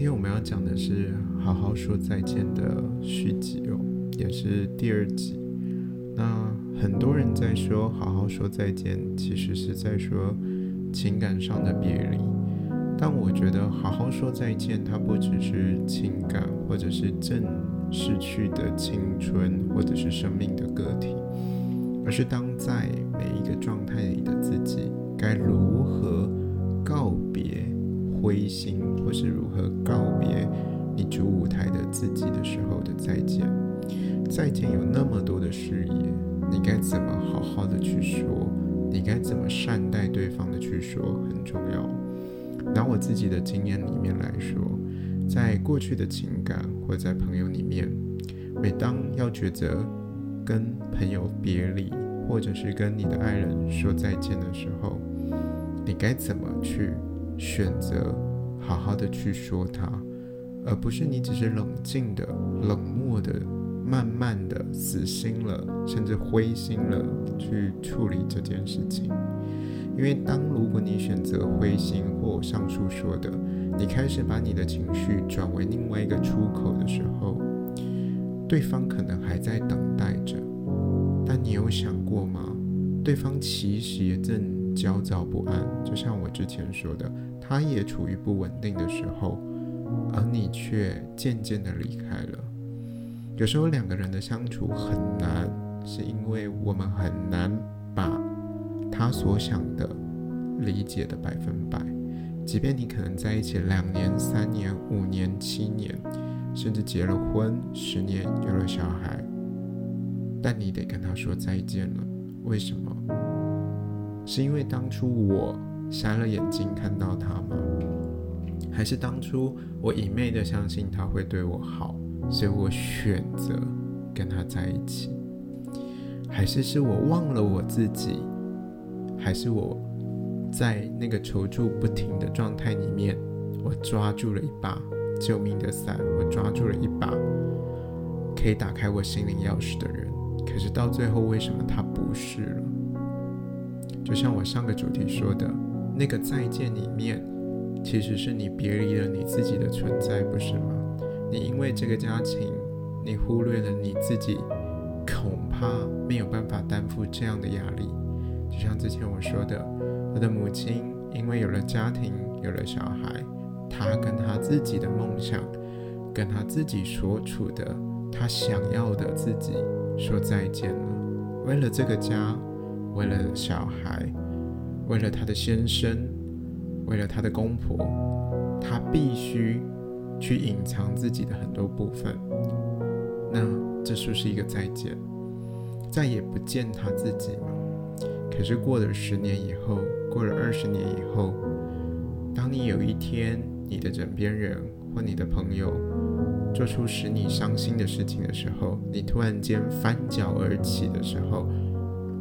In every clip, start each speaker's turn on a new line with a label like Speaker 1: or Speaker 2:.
Speaker 1: 今天我們要講的是《好好說再見》的續集哦，也是第二集。那很多人在說“好好說再見”，其實是在說情感上的別離。但我覺得“好好說再見”它不只是情感，或者是正逝去的青春，或者是生命的個體，而是當在每一個狀態裡的自己該如何告別。灰心，或是如何告別你主舞台的自己的時候的再見。再見有那麼多的事業，你該怎麼好好的去說？你該怎麼善待對方的去說很重要。拿我自己的經驗裡面來說，在過去的情感或在朋友裡面，每當要抉擇跟朋友別離，或者是跟你的愛人說再見的時候，你該怎麼去？選擇好好的去說他，而不是你只是冷靜的、冷漠的、慢慢的死心了，甚至灰心了去處理這件事情。因為當如果你選擇灰心，或上述說的，你開始把你的情緒轉為另外一個出口的時候，對方可能還在等待着。但你有想過嗎？對方其實也正。焦躁不安，就像我之前說的，他也處於不穩定的時候，而你卻漸漸的離開了。有時候兩個人的相處很難，是因為我們很難把他所想的理解的百分百。即便你可能在一起兩年、三年、五年、七年，甚至結了婚，十年有了小孩，但你得跟他說再見了。為什麼？是因為當初我瞎了眼睛看到他嗎？還是當初我一昧的相信他會對我好，所以我選擇跟他在一起？還是是我忘了我自己？還是我在那個求助不停的狀態裡面，我抓住了一把救命的傘，我抓住了一把可以打開我心靈鑰匙的人？可是到最後，為什麼他不是了？就像我上個主題說的，那個再見裡面，其實是你別離了你自己的存在，不是嗎？你因為這個家庭，你忽略了你自己，恐怕沒有辦法擔負這樣的壓力。就像之前我說的，我的母親因為有了家庭，有了小孩，她跟她自己的夢想，跟她自己所處的，她想要的自己說再見了，為了這個家。為了小孩，為了他的先生，為了他的公婆，他必須去隱藏自己的很多部分。那這就是一個再見，再也不見他自己。可是過了十年以後，過了二十年以後，當你有一天你的枕邊人或你的朋友做出使你傷心的事情的時候，你突然間翻腳而起的時候。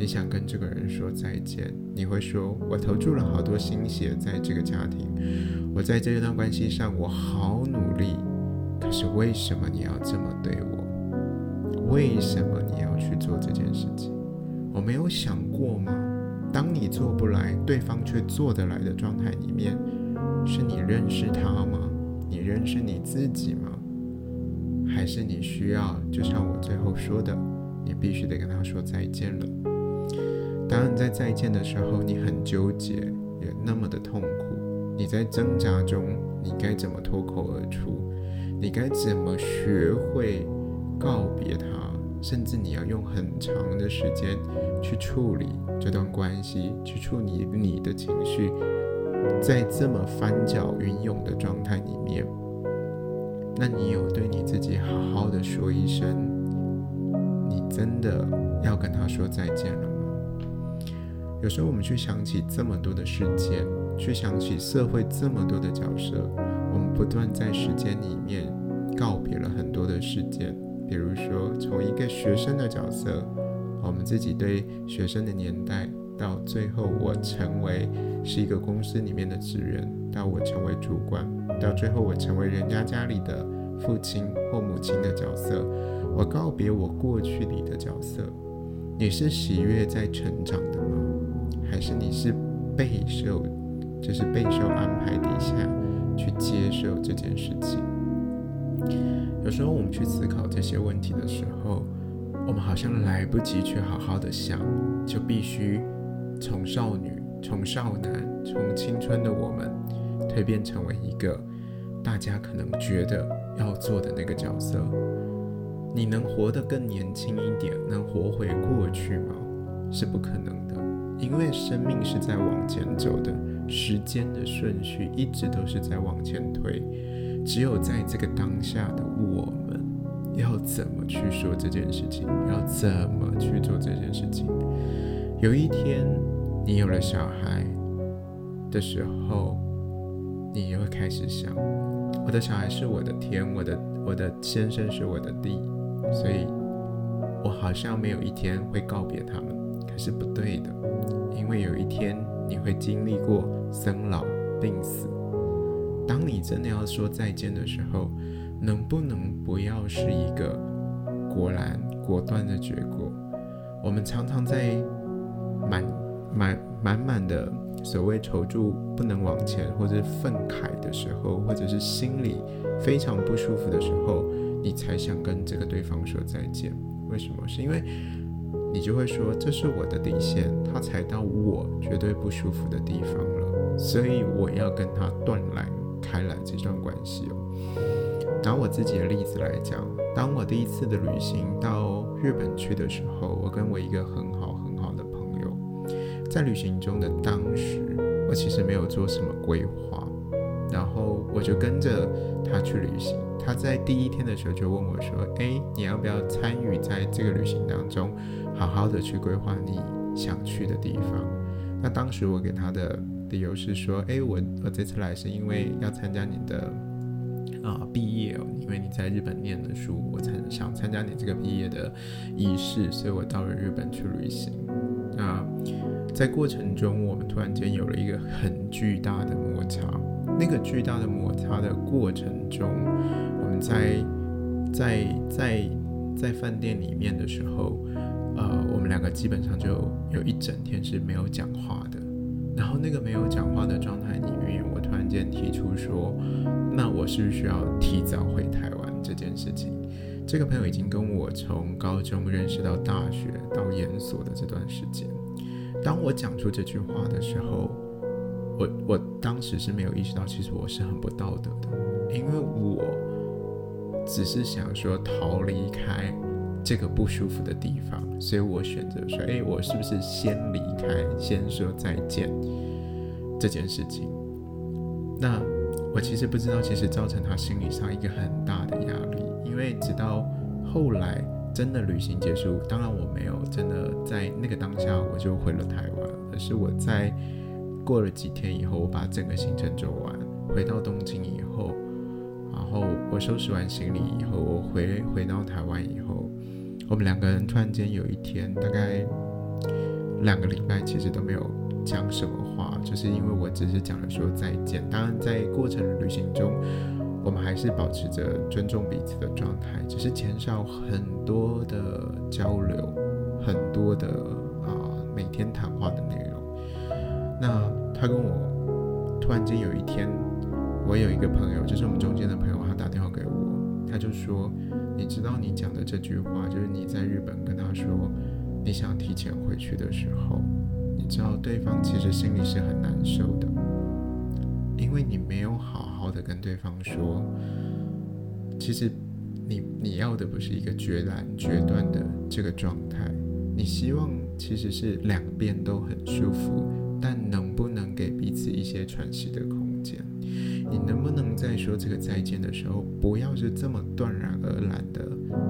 Speaker 1: 你想跟這個人說再見，你會說：“我投注了好多心血在這個家庭，我在這段關係上我好努力，可是為什麼你要這麼對我？為什麼你要去做這件事情？我沒有想過嗎？當你做不來，對方卻做得來的狀態裡面，是你認識他嗎？你認識你自己嗎？還是你需要，就像我最後說的，你必須得跟他說再見了。”當你在再見的時候，你很糾結，也那麼的痛苦。你在掙扎中，你該怎麼脫口而出？你該怎麼學會告別他？甚至你要用很長的時間去處理這段關係，去處理你的情緒。在這麼翻攪雲湧的狀態裡面，那你有對你自己好好的說一聲：你真的要跟他說再見了？有時候我們去想起這麼多的事件，去想起社會這麼多的角色，我們不斷在時間裡面告別了很多的事件。比如說，從一個學生的角色，我們自己對學生的年代，到最後我成為是一個公司裡面的職員，到我成為主管，到最後我成為人家家裡的父親或母親的角色，我告別我過去裡的角色。你是喜悅在成長的嗎？還是你是備受，就是備受安排底下，去接受這件事情。有時候我們去思考這些問題的時候，我們好像來不及去好好的想，就必須從少女、從少男、從青春的我們，蛻變成為一個大家可能覺得要做的那個角色。你能活得更年輕一點，能活回過去嗎？是不可能的。因為生命是在往前走的，時間的順序一直都是在往前推。只有在這個當下的我們，要怎麼去說這件事情，要怎麼去做這件事情。有一天你有了小孩的時候，你又開始想：我的小孩是我的天，我的我的先生是我的地，所以我好像沒有一天會告別他們。是不對的，因為有一天你會經歷過生老病死。當你真的要說再見的時候，能不能不要是一個果然果斷的結果？我們常常在滿滿滿滿的所謂求助不能往前，或者是憤慨的時候，或者是心裡非常不舒服的時候，你才想跟這個對方說再見。為什麼？是因為。你就會說，這是我的底線，他踩到我絕對不舒服的地方了，所以我要跟他斷來開來這段關係哦。拿我自己的例子來講，當我第一次的旅行到日本去的時候，我跟我一個很好很好的朋友，在旅行中的當時，我其實沒有做什麼規劃，然後我就跟着他去旅行。他在第一天的時候就問我說：“欸，你要不要參與在這個旅行當中，好好的去規劃你想去的地方？”那當時我給他的理由是說：“欸，我我這次來是因為要參加你的啊畢業哦，因為你在日本念的書，我才想參加你這個畢業的儀式，所以我到了日本去旅行。”啊，那在過程中，我們突然間有了一個很巨大的摩擦。那個巨大的摩擦的過程中，我們在在在在飯店裡面的時候，呃，我們兩個基本上就有一整天是沒有講話的。然後那個沒有講話的狀態裡面，我突然間提出說，那我是不是需要提早回台灣這件事情？這個朋友已經跟我從高中認識到大學到研所的這段時間，當我講出這句話的時候，我我。當時是沒有意識到，其實我是很不道德的，因為我只是想說逃離開這個不舒服的地方，所以我選擇說，誒、欸，我是不是先離開，先說再見這件事情？那我其實不知道，其實造成他心理上一個很大的壓力，因為直到後來真的旅行結束，當然我沒有真的在那個當下我就回了台灣，可是我在。過了幾天以後，我把整個行程走完，回到東京以後，然後我收拾完行李以後，我回回到台灣以後，我們兩個人突然間有一天，大概兩個禮拜其實都沒有講什麼話，就是因為我只是講了說再見。當然，在過程的旅行中，我們還是保持着尊重彼此的狀態，只是減少很多的交流，很多的啊每天談話的內容。那他跟我突然間有一天，我有一個朋友，就是我們中間的朋友，他打電話給我，他就說：“你知道你講的這句話，就是你在日本跟他說你想提前回去的時候，你知道對方其實心裡是很難受的，因為你沒有好好的跟對方說，其實你你要的不是一個決然決斷的這個狀態，你希望其實是兩邊都很舒服。”但能不能給彼此一些喘息的空間？你能不能在說這個再見的時候，不要是這麼斷然而然的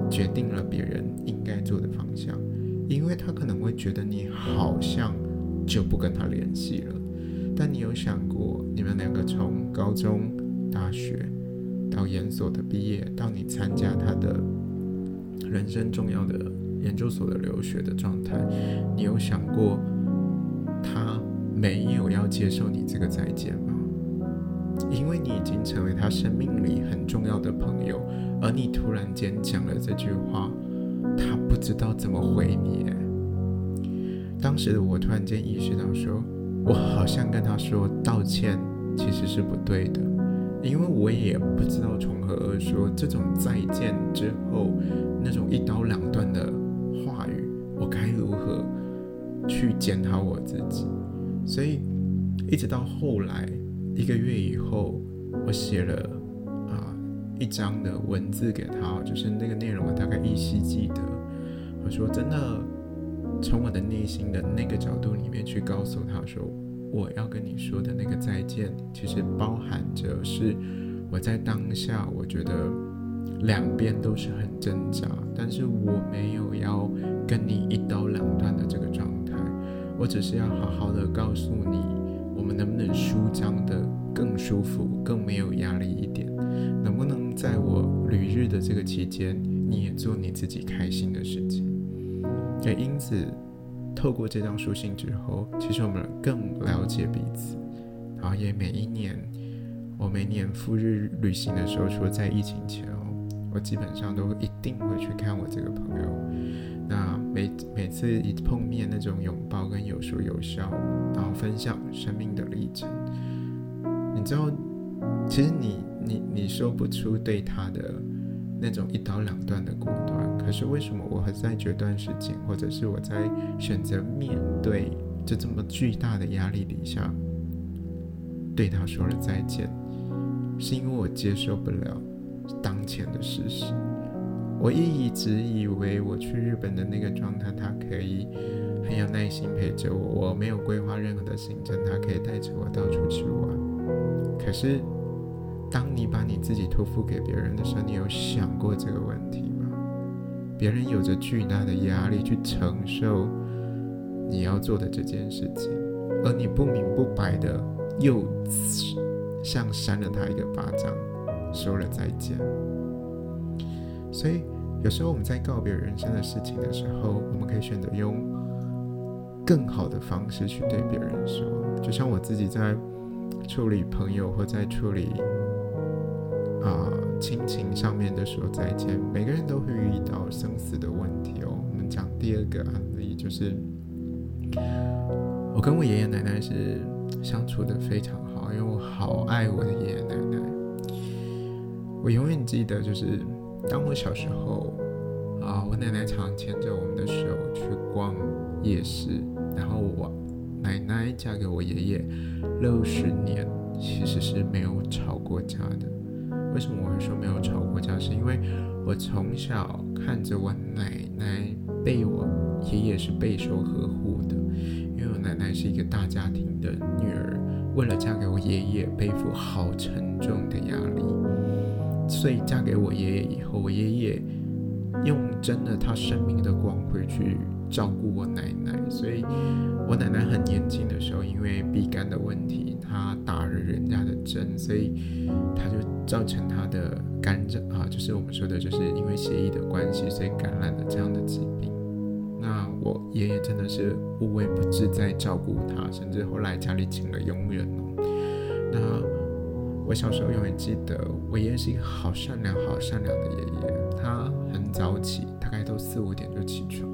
Speaker 1: 決定了別人應該做的方向？因為他可能會覺得你好像就不跟他聯繫了。但你有想過，你們兩個從高中、大學到研所的畢業，到你參加他的人生重要的研究所的留學的狀態，你有想過他？沒有要接受你這個再見嗎？因為你已經成為他生命裡很重要的朋友，而你突然間講了這句話，他不知道怎麼回你。當時的我突然間意識到說，說我好像跟他說道歉其實是不對的，因為我也不知道從何而說，這種再見之後那種一刀兩斷的話語，我該如何去檢討我自己？所以，一直到後來一個月以後，我寫了啊一張的文字給他，就是那個內容我大概依稀記得。我說真的，從我的內心的那個角度裡面去告訴他說，我要跟你說的那個再見，其實包含着是我在當下我覺得兩邊都是很掙扎，但是我沒有要跟你一刀兩斷的這個狀態。我只是要好好的告訴你，我們能不能舒張得更舒服、更沒有壓力一點？能不能在我旅日的這個期間，你也做你自己開心的事情？也因此，透過這張書信之後，其實我們更了解彼此。然後，也每一年，我每年赴日旅行的時候，除了在疫情前哦。我基本上都一定會去看我這個朋友。那每每次一碰面，那種擁抱跟有說有笑，然後分享生命的歷程，你知道，其實你你你說不出對他的那種一刀兩斷的果斷。可是為什麼我還在決斷時間，或者是我在選擇面對就這麼巨大的壓力底下，對他說了再見，是因為我接受不了。當前的事實，我一直以為我去日本的那個狀態，他可以很有耐心陪着我，我沒有規劃任何的行程，他可以帶着我到處去玩。可是，當你把你自己托付給別人的時候，你有想過這個問題嗎？別人有着巨大的壓力去承受你要做的這件事情，而你不明不白的又像扇了他一個巴掌。說了再見，所以有時候我們在告別人生的事情的時候，我們可以選擇用更好的方式去對別人說。就像我自己在處理朋友或在處理啊親、呃、情、情上面的時候，再見。每個人都會遇到生死的問題哦。我們講第二個案例，就是我跟我爺爺奶奶是相處得非常好，因為我好愛我的爺爺奶奶。我永遠記得，就是當我小時候，啊，我奶奶常牽着我們的手去逛夜市。然後我奶奶嫁給我爺爺六十年，其實是沒有吵過架的。為什麼我會說沒有吵過架？是因為我從小看着我奶奶被我爺爺是備受呵護的，因為我奶奶是一個大家庭的女兒，為了嫁給我爺爺，背負好沉重的壓力。所以嫁給我爺爺以後，我爺爺用真的他生命的光輝去照顧我奶奶。所以，我奶奶很年輕的時候，因為乙肝的問題，她打了人家的針，所以她就造成她的肝症啊，就是我們說的，就是因為血液的關係，所以感染了這樣的疾病。那我爺爺真的是無微不至在照顧她，甚至後來家裡請了傭人。那。我小時候永遠記得，我爺爺是一個好善良、好善良的爺爺。他很早起，大概都四五點就起床。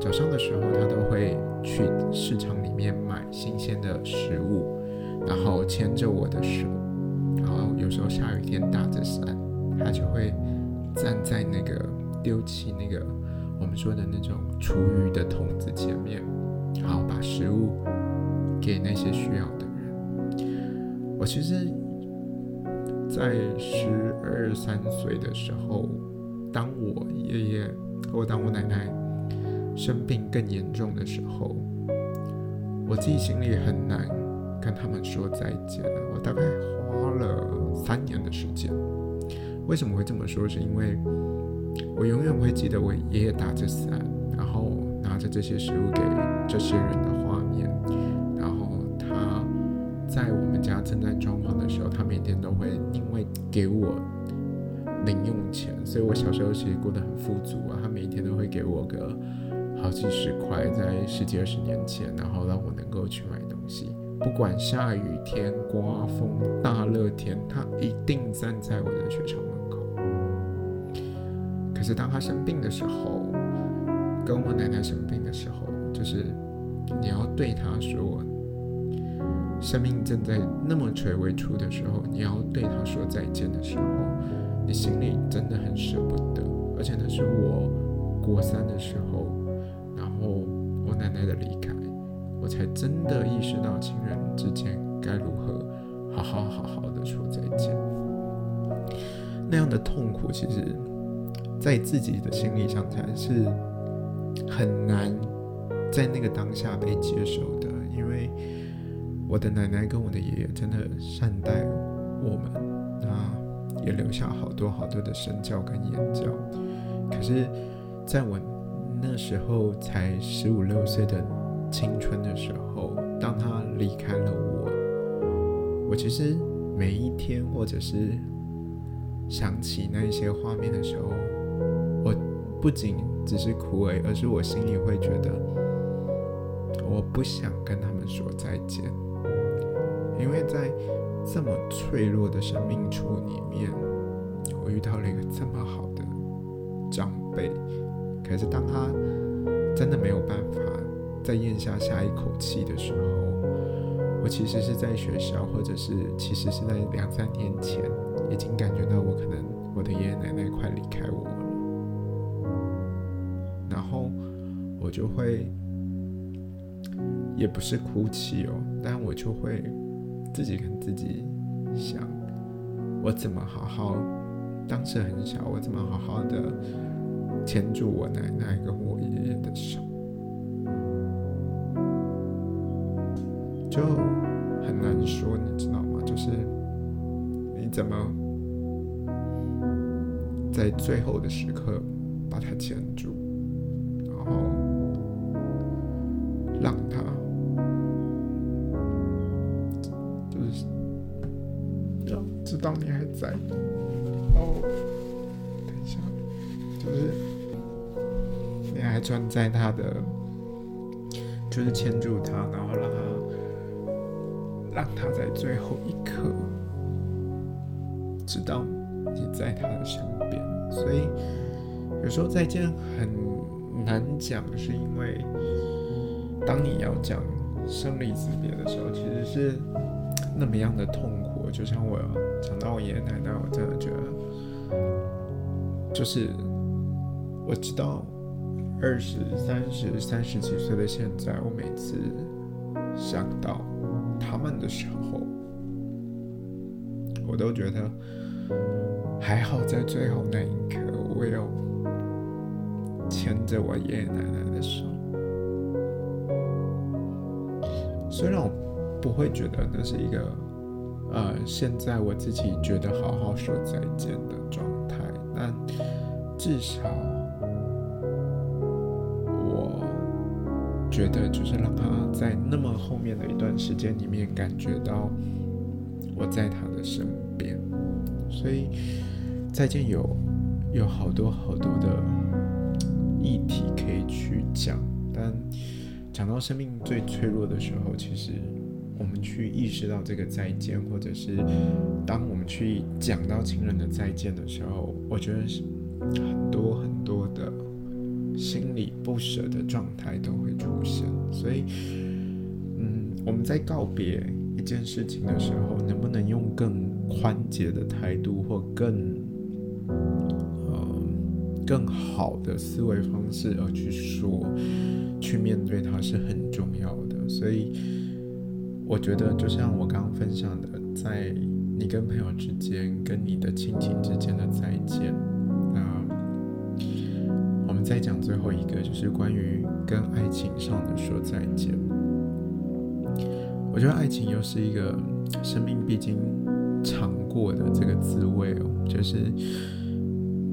Speaker 1: 早上的時候，他都會去市場裡面買新鮮的食物，然後牽着我的手。然後有時候下雨天打着傘，他就會站在那個丟棄那個我們說的那種廚餘的桶子前面，然後把食物給那些需要的人。我其實。在十二三歲的時候，當我爺爺或當我奶奶生病更嚴重的時候，我自己心裡很難跟他們說再見。我大概花了三年的時間。為什麼我會這麼說？是因為我永遠會記得我爺爺打着傘，然後拿着這些食物給這些人的畫面。然後他在我們家正在裝潢的時候，他每天都會。給我零用錢，所以我小時候其實過得很富足啊。他每一天都會給我個好幾十塊，在十幾二十年前，然後讓我能夠去買東西。不管下雨天、颳風、大熱天，他一定站在我的學校門口。可是當他生病的時候，跟我奶奶生病的時候，就是你要對他說。生命正在那麼垂危處的時候，你要對他說再見的時候，你心裡真的很捨不得。而且那是我國三的時候，然後我奶奶的離開，我才真的意識到親人之間該如何好好好好的說再見。那樣的痛苦，其實，在自己的心裡想才是很難在那個當下被接受的，因為。我的奶奶跟我的爺爺真的善待我們，啊，也留下好多好多的身教跟言教。可是，在我那時候才十五六歲的青春的時候，當他離開了我，我其實每一天或者是想起那一些畫面的時候，我不僅只是枯萎，而是我心裡會覺得，我不想跟他們說再見。因為在這麼脆弱的生命處裡面，我遇到了一個這麼好的長輩。可是當他真的沒有辦法再嚥下下一口氣的時候，我其實是在學校，或者是其實是在兩三年前，已經感覺到我可能我的爺爺奶奶快離開我了。然後我就會，也不是哭泣哦，但我就會。自己跟自己想，我怎麼好好？當時很小，我怎麼好好的牽住我奶奶跟我爺爺的手？就很難說，你知道嗎？就是你怎麼在最後的時刻把它牽住，然後。知道你還在，然後，哦，等一下，就是你還站在他的，就是牽住他，然後讓他，讓他在最後一刻知道你在他的身邊。所以有時候再見很難講，是因為當你要講生離死別的時候，其實是那麼樣的痛。就像我講到我爺爺奶奶，我真的覺得，就是我知道二十三十三十幾歲的現在，我每次想到他們的時候，我都覺得還好，在最後那一刻，我有牽着我爺爺奶奶的手，雖然我不會覺得那是一個。呃，現在我自己覺得好好說再見的狀態，但至少，我覺得就是讓他在那麼後面的一段時間裡面感覺到我在他的身邊，所以再見有有好多好多的議題可以去講，但講到生命最脆弱的時候，其實。我們去意識到這個再見，或者是當我們去講到親人的再見的時候，我覺得是很多很多的心裡不捨的狀態都會出現。所以，嗯，我們在告別一件事情的時候，能不能用更寬解的態度，或更呃更好的思維方式而去說、去面對它，是很重要的。所以。我覺得就像我剛剛分享的，在你跟朋友之間、跟你的親情之間的再見，那我們再講最後一個，就是關於跟愛情上的說再見。我覺得愛情又是一個生命必經嘗過的這個滋味哦。就是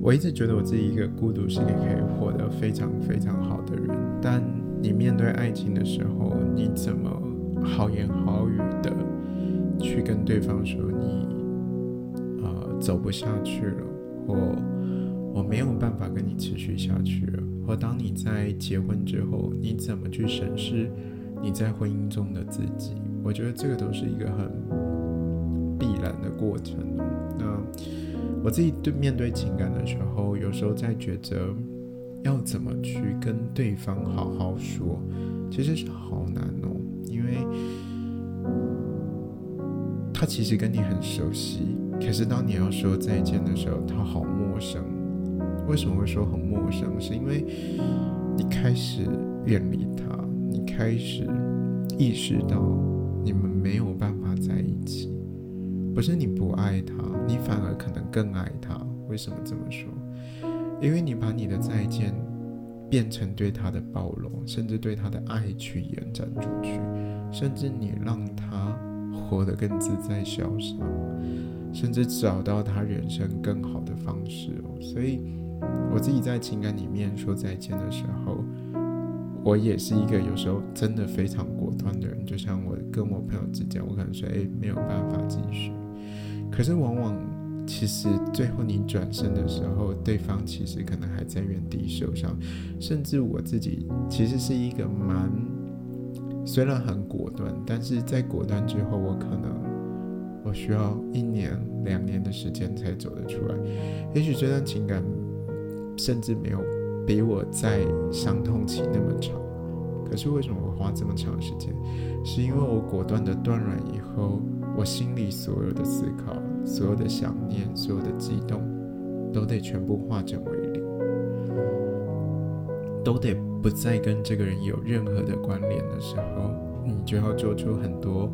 Speaker 1: 我一直覺得我自己一個孤獨是一個可以活得非常非常好的人，但你面對愛情的時候，你怎麼？好言好語的去跟對方說你，呃，走不下去了，或我沒有辦法跟你持續下去了，或當你在結婚之後，你怎麼去審視你在婚姻中的自己？我覺得這個都是一個很必然的過程。那我自己對面對情感的時候，有時候在覺得要怎麼去跟對方好好說，其實是好難。因為他其實跟你很熟悉，可是當你要說再見的時候，他好陌生。為什麼會說很陌生？是因為你開始遠離他，你開始意識到你們沒有辦法在一起。不是你不愛他，你反而可能更愛他。為什麼這麼說？因為你把你的再見。變成對他的包容，甚至對他的愛去延展出去，甚至你讓他活得更自在、瀟灑，甚至找到他人生更好的方式。所以，我自己在情感裡面說再見的時候，我也是一個有時候真的非常果斷的人。就像我跟我朋友之間，我可能說，哎、欸，沒有辦法繼續。可是往往。其實最後你轉身的時候，對方其實可能還在原地受傷，甚至我自己其實是一個蠻，雖然很果斷，但是在果斷之後，我可能我需要一年兩年的時間才走得出來。也許這段情感甚至沒有比我在傷痛期那麼長，可是為什麼我花這麼長時間？是因為我果斷的斷然以後，我心裡所有的思考、所有的想念、所有的激動，都得全部化整為零，都得不再跟這個人有任何的關聯的時候，你就要做出很多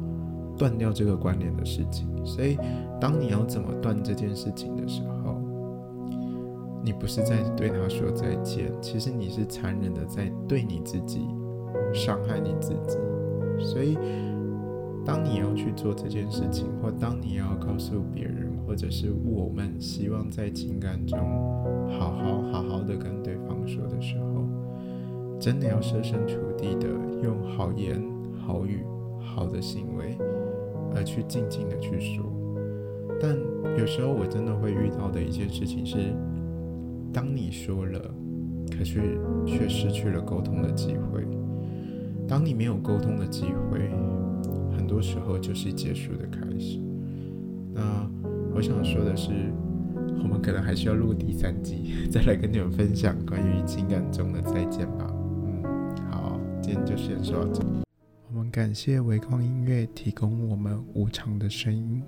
Speaker 1: 斷掉這個關聯的事情。所以，當你要怎麼斷這件事情的時候，你不是在對他說再見，其實你是殘忍的在對你自己傷害你自己。所以，當你要去做這件事情，或當你要告訴別人，或者是我們希望在情感中好好好好的跟對方說的時候，真的要設身處地的用好言好語、好的行為，而去靜靜的去說。但有時候我真的會遇到的一件事情是，當你說了，可是卻失去了溝通的機會。當你沒有溝通的機會，很多時候就是結束的開始。那我想說的是，我們可能還需要錄第三集，再來跟你們分享關於情感中的再見吧。嗯，好，今天就先說到這裡。我們感謝唯光音樂提供我們無常的聲音。